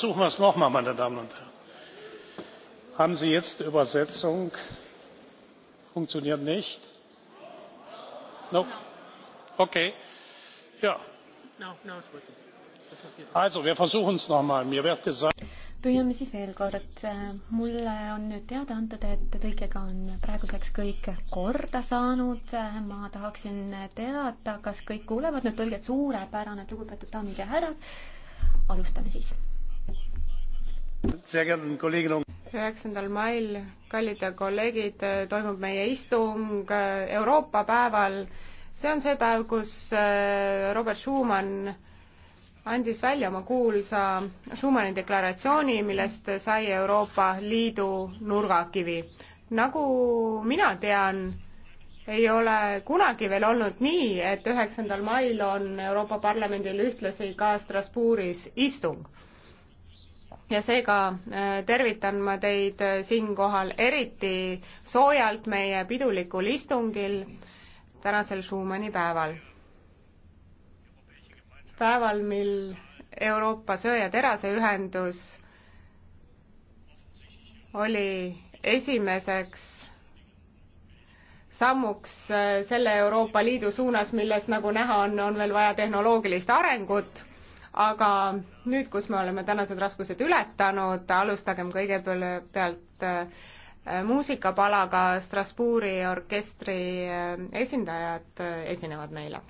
versuchen wir es noch einmal meine damen und herren. haben sie jetzt übersetzung? funktioniert nicht? okay. also wir versuchen es noch einmal. mir wird gesagt püüame siis veel kord. Äh, mulle on nüüd teada antud, et tõlkega on praeguseks kõik korda saanud. Äh, ma tahaksin teada, kas kõik kuulevad nüüd tõlget suurepärane, lugupeetud daamid ja härrad. alustame siis üheksandal mail, kallid kolleegid, toimub meie istung äh, Euroopa päeval. see on see päev, kus äh, Robert Schumann andis välja oma kuulsa Schumanni deklaratsiooni, millest sai Euroopa Liidu nurgakivi. nagu mina tean, ei ole kunagi veel olnud nii, et üheksandal mail on Euroopa Parlamendil ühtlasi ka Strasbourgis istung ja seega äh, tervitan ma teid äh, siinkohal eriti soojalt meie pidulikul istungil tänasel Schumanni päeval. päeval, mil Euroopa Söe- ja Teraseühendus oli esimeseks sammuks äh, selle Euroopa Liidu suunas, milles, nagu näha on, on veel vaja tehnoloogilist arengut aga nüüd, kus me oleme tänased raskused ületanud, alustagem kõigepealt äh, muusikapalaga Strasbourgi orkestri äh, esindajad äh, esinevad meile.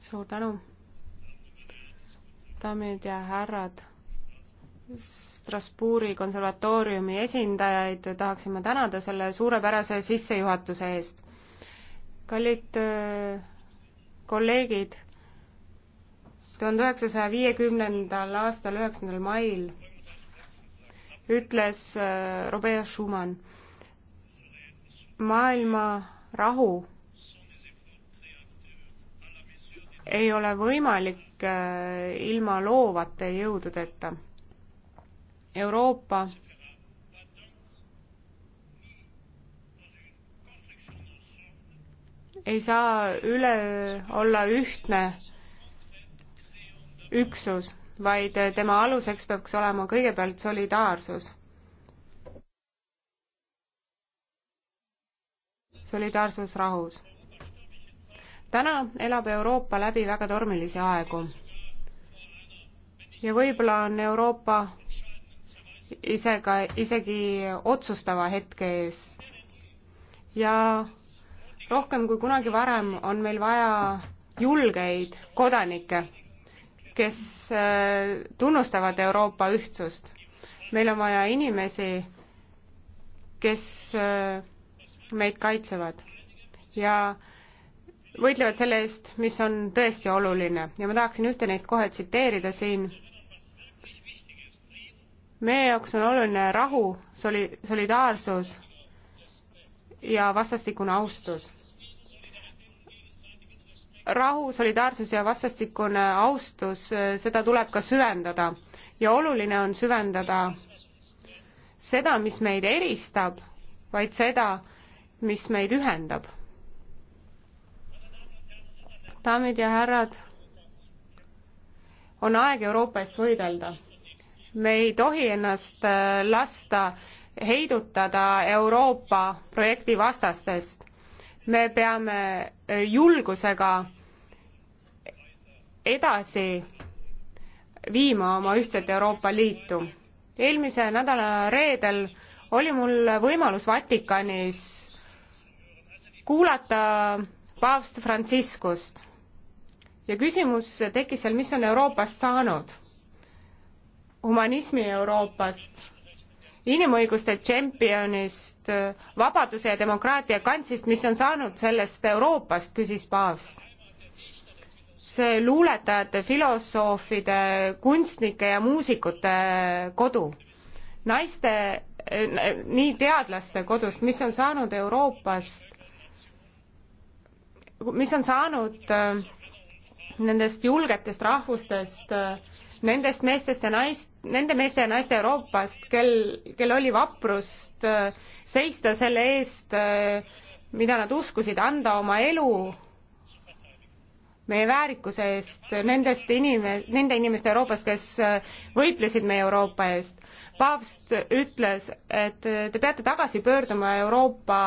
suur tänu. daamid ja härrad, Strasbourgi konservatooriumi esindajaid tahaksin ma tänada selle suurepärase sissejuhatuse eest. kallid äh, kolleegid, tuhande üheksasaja viiekümnendal aastal, üheksandal mail ütles äh, Robert Schumann, maailma rahu ei ole võimalik äh, ilma loovate jõududeta. Euroopa ei saa üle olla ühtne üksus, vaid tema aluseks peaks olema kõigepealt solidaarsus. solidaarsus rahus täna elab Euroopa läbi väga tormilisi aegu. ja võib-olla on Euroopa ise ka, isegi otsustava hetke ees. ja rohkem kui kunagi varem on meil vaja julgeid kodanikke, kes äh, tunnustavad Euroopa ühtsust. meil on vaja inimesi, kes äh, meid kaitsevad ja võitlevad selle eest, mis on tõesti oluline ja ma tahaksin ühte neist kohe tsiteerida siin. meie jaoks on oluline rahu, soli-, solidaarsus ja vastastikune austus. rahu, solidaarsus ja vastastikune austus, seda tuleb ka süvendada ja oluline on süvendada seda, mis meid eristab, vaid seda, mis meid ühendab daamid ja härrad, on aeg Euroopa eest võidelda. me ei tohi ennast äh, lasta heidutada Euroopa projekti vastastest. me peame äh, julgusega edasi viima oma ühtset Euroopa Liitu. eelmise nädala reedel oli mul võimalus Vatikanis kuulata paavst Franciscust ja küsimus tekkis seal, mis on Euroopast saanud, humanismi Euroopast, inimõiguste tšempionist, vabaduse ja demokraatia kantsist, mis on saanud sellest Euroopast, küsis paavst see luuletajate, filosoofide, kunstnike ja muusikute kodu, naiste, nii teadlaste kodust, mis on saanud Euroopast, mis on saanud äh, nendest julgetest rahvustest, nendest meestest ja naist, nende meeste ja naiste Euroopast, kel, kel oli vaprust äh, seista selle eest, äh, mida nad uskusid, anda oma elu meie väärikuse eest, nendest inim-, nende inimeste Euroopast, kes äh, võitlesid meie Euroopa eest. paavst ütles, et te peate tagasi pöörduma Euroopa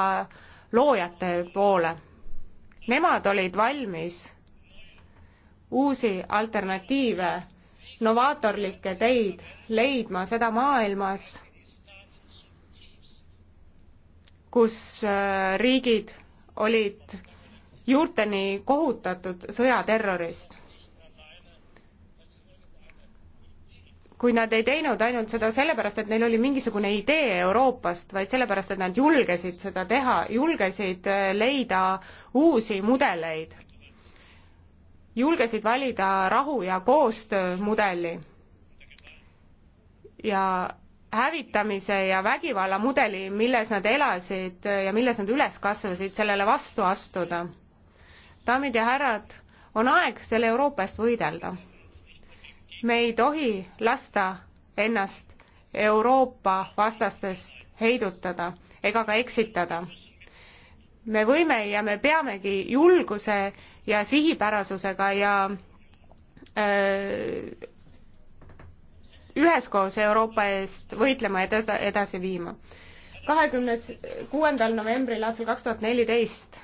loojate poole. Nemad olid valmis uusi alternatiive, novaatorlikke teid leidma seda maailmas, kus äh, riigid olid juurteni kohutatud sõjaterrorist. kui nad ei teinud ainult seda sellepärast, et neil oli mingisugune idee Euroopast, vaid sellepärast, et nad julgesid seda teha, julgesid äh, leida uusi mudeleid julgesid valida rahu ja koostöö mudeli ja hävitamise ja vägivalla mudeli, milles nad elasid ja milles nad üles kasvasid, sellele vastu astuda. daamid ja härrad, on aeg selle Euroopa eest võidelda. me ei tohi lasta ennast Euroopa vastastest heidutada ega ka eksitada. me võime ja me peamegi julguse ja sihipärasusega ja öö, äh, üheskoos Euroopa eest võitlema ja teda edasi viima. kahekümnes, kuuendal novembril aastal kaks tuhat neliteist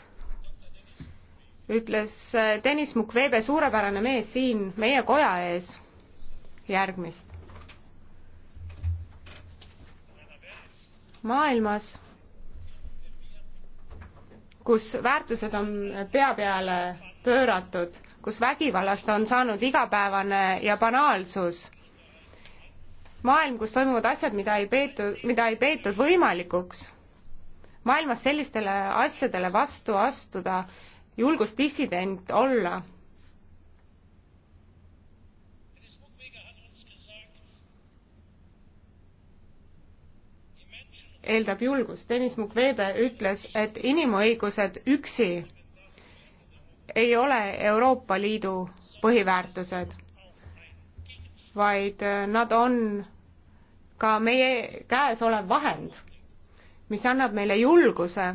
ütles äh, Deniss Mukwebe suurepärane mees siin meie koja ees järgmist. maailmas, kus väärtused on pea peale pööratud, kus vägivallast on saanud igapäevane ja banaalsus. maailm, kus toimuvad asjad, mida ei peetud, mida ei peetud võimalikuks. maailmas sellistele asjadele vastu astuda, julgus dissident olla. eeldab julgust. Tõnis Mukwege ütles, et inimõigused üksi ei ole Euroopa Liidu põhiväärtused, vaid äh, nad on ka meie käes olev vahend, mis annab meile julguse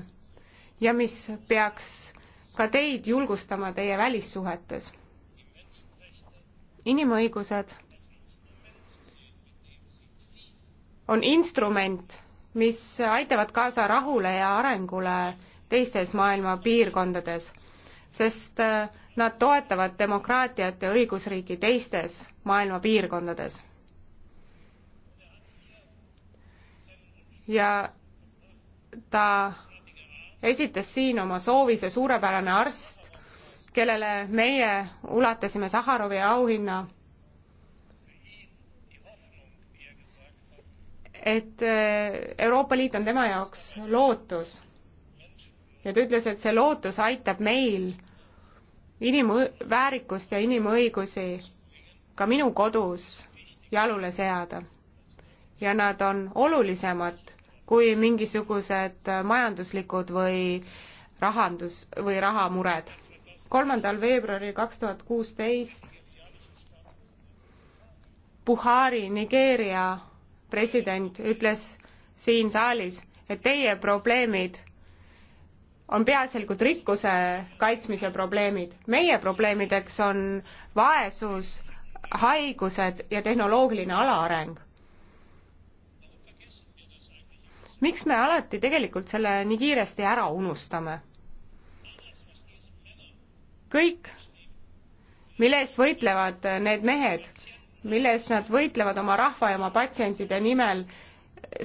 ja mis peaks ka teid julgustama teie välissuhetes. inimõigused on instrument, mis aitavad kaasa rahule ja arengule teistes maailma piirkondades sest äh, nad toetavad demokraatiat ja õigusriiki teistes maailma piirkondades. ja ta esitas siin oma soovi, see suurepärane arst, kellele meie ulatasime Saharovi auhinna et äh, Euroopa Liit on tema jaoks lootus. ja ta ütles, et see lootus aitab meil inimväärikust ja inimõigusi ka minu kodus jalule seada. ja nad on olulisemad kui mingisugused majanduslikud või rahandus või rahamured. kolmandal veebruaril kaks tuhat kuusteist Buhari, Nigeeria president ütles siin saalis, et teie probleemid on peaasjalikult rikkuse kaitsmise probleemid. meie probleemideks on vaesus, haigused ja tehnoloogiline alaareng. miks me alati tegelikult selle nii kiiresti ära unustame? kõik, mille eest võitlevad need mehed, mille eest nad võitlevad oma rahva ja oma patsientide nimel,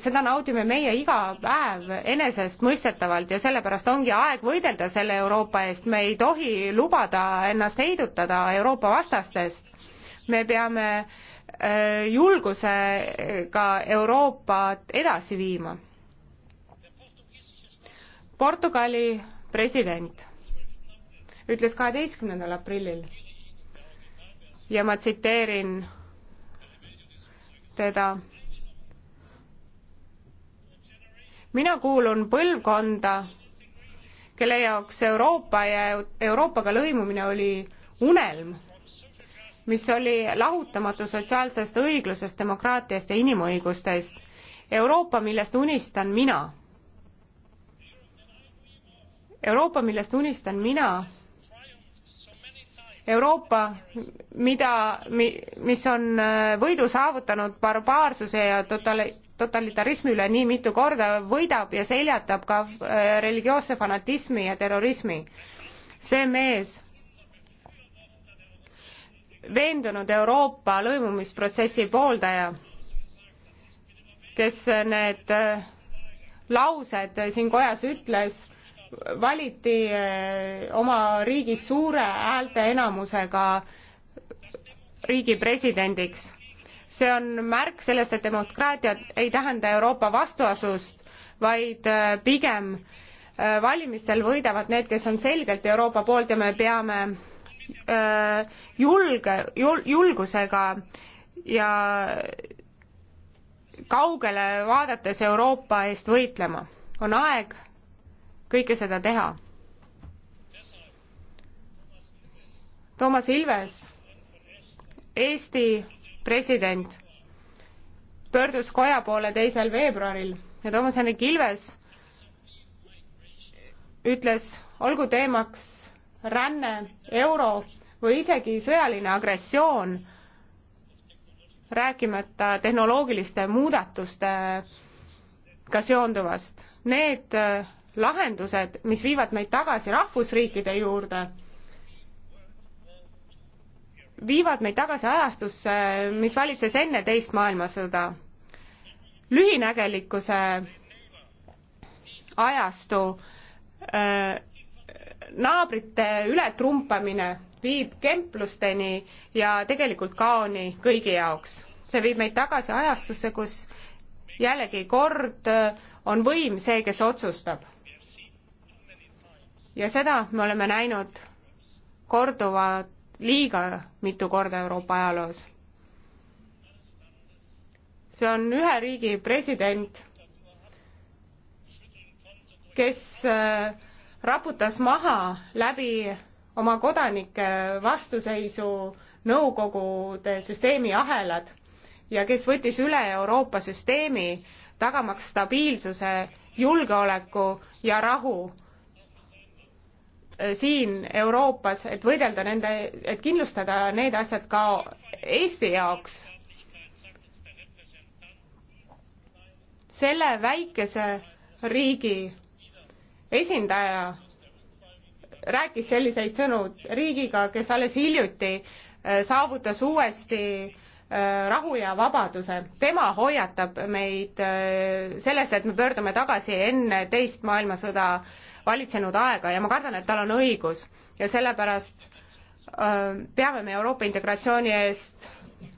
seda naudime meie iga päev enesestmõistetavalt ja sellepärast ongi aeg võidelda selle Euroopa eest, me ei tohi lubada ennast heidutada Euroopa vastastest. me peame äh, julgusega Euroopat edasi viima. Portugali president ütles kaheteistkümnendal aprillil ja ma tsiteerin teda mina kuulun põlvkonda, kelle jaoks Euroopa ja Euroopaga lõimumine oli unelm, mis oli lahutamatu sotsiaalsest õiglusest, demokraatiast ja inimõigustest. Euroopa, millest unistan mina. Euroopa, millest unistan mina. Euroopa, mida mi,, mis on võidu saavutanud barbaarsuse ja totali-, totalitarismi üle nii mitu korda, võidab ja seljatab ka äh, religioosse fanatismi ja terrorismi. see mees, veendunud Euroopa lõimumisprotsessi pooldaja, kes need äh, laused siin kojas ütles, valiti äh, oma riigi suure häälteenamusega riigi presidendiks see on märk sellest, et demokraatia ei tähenda Euroopa vastuasust, vaid äh, pigem äh, valimistel võidavad need, kes on selgelt Euroopa poolt ja me peame äh, julge, julgusega ja kaugele vaadates Euroopa eest võitlema. on aeg kõike seda teha. Toomas Ilves, Eesti president pöördus koja poole teisel veebruaril ja Toomas Hendrik Ilves ütles, olgu teemaks ränne, euro või isegi sõjaline agressioon, rääkimata tehnoloogiliste muudatustega seonduvast. Need äh, lahendused, mis viivad meid tagasi rahvusriikide juurde viivad meid tagasi ajastusse, mis valitses enne teist maailmasõda. lühinägelikkuse ajastu naabrite ületrumpamine viib kemplusteni ja tegelikult kaoni kõigi jaoks. see viib meid tagasi ajastusse, kus jällegi kord on võim see, kes otsustab. ja seda me oleme näinud korduvat liiga mitu korda Euroopa ajaloos. see on ühe riigi president, kes äh, raputas maha läbi oma kodanike vastuseisu nõukogude süsteemi ahelad ja kes võttis üle Euroopa süsteemi, tagamaks stabiilsuse, julgeoleku ja rahu siin Euroopas, et võidelda nende, et kindlustada need asjad ka Eesti jaoks. selle väikese riigi esindaja rääkis selliseid sõnu riigiga, kes alles hiljuti äh, saavutas uuesti äh, rahu ja vabaduse. tema hoiatab meid äh, sellest, et me pöördume tagasi enne teist maailmasõda äh, valitsenud aega ja ma kardan, et tal on õigus ja sellepärast öö, peame me Euroopa integratsiooni eest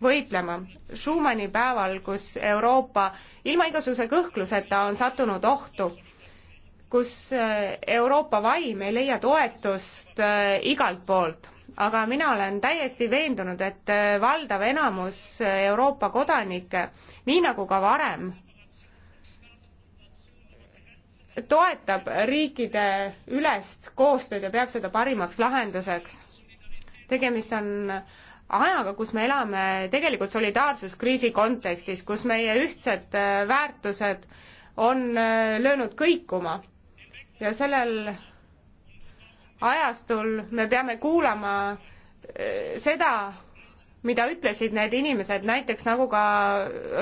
võitlema. Schumanni päeval, kus Euroopa ilma igasuguse kõhkluseta on sattunud ohtu, kus Euroopa vaim ei leia toetust igalt poolt, aga mina olen täiesti veendunud, et valdav enamus Euroopa kodanikke, nii nagu ka varem toetab riikide ülest koostööd ja peab seda parimaks lahenduseks. tegemist on ajaga, kus me elame tegelikult solidaarsuskriisi kontekstis, kus meie ühtsed äh, väärtused on äh, löönud kõikuma ja sellel ajastul me peame kuulama äh, seda, mida ütlesid need inimesed, näiteks nagu ka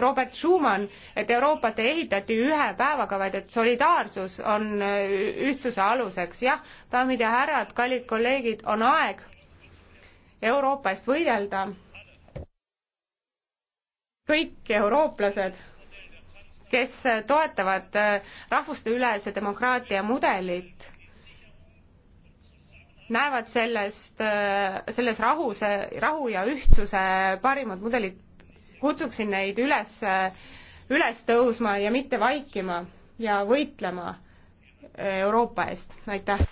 Robert Schumann, et Euroopat ei ehitati ühe päevaga, vaid et solidaarsus on ühtsuse aluseks. jah, daamid ja härrad, kallid kolleegid, on aeg Euroopa eest võidelda. kõik eurooplased, kes toetavad rahvusteülese demokraatia mudelit näevad sellest, äh, selles rahuse, rahu ja ühtsuse parimad mudelid, kutsuksin neid üles, äh, üles tõusma ja mitte vaikima ja võitlema äh, Euroopa eest, aitäh!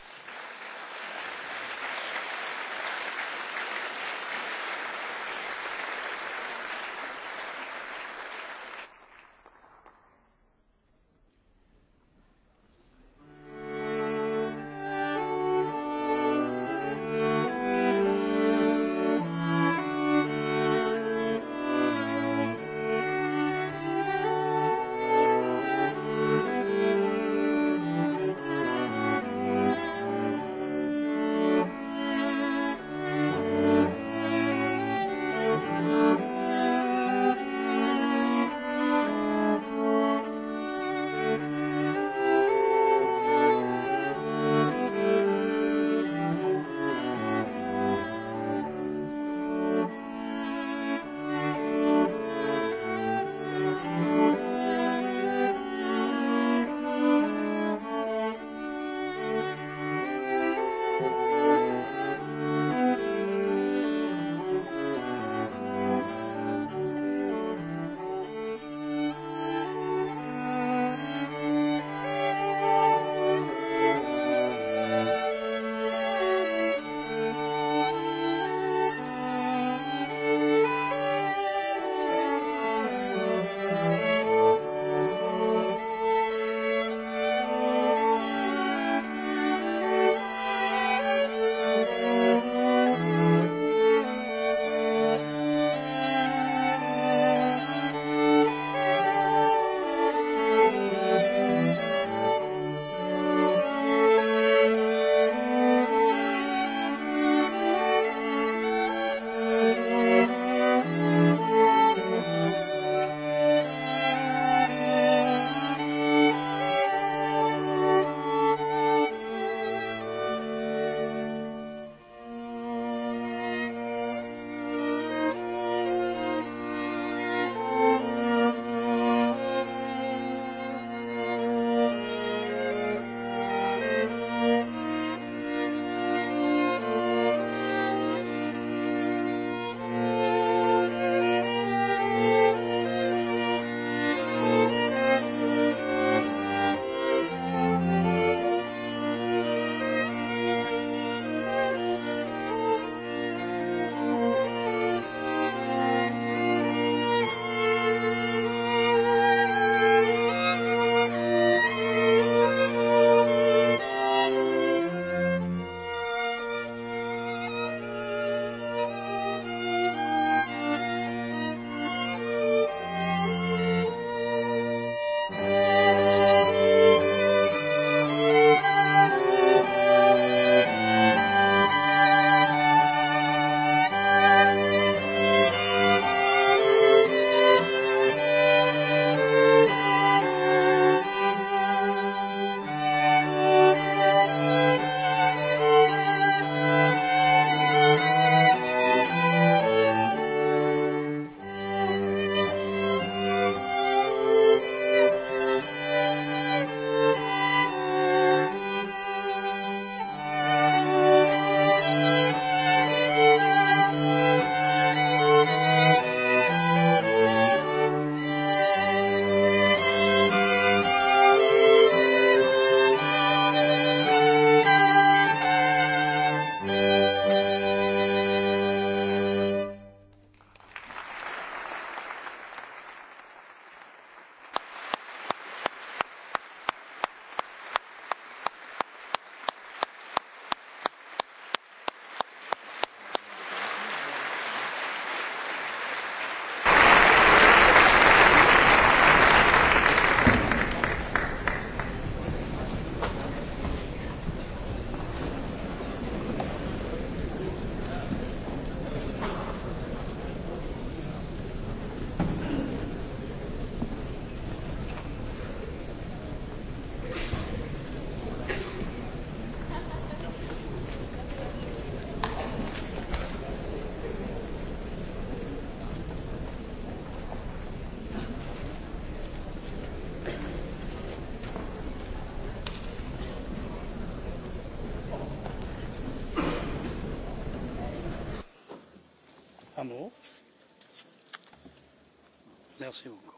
Merci beaucoup.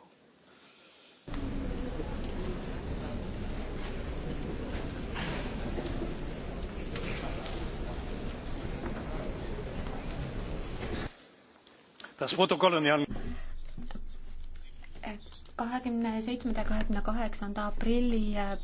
Das Protokoll on jäänud. Eh, kahekümne seitsmenda, kahekümne kaheksanda aprilli eh,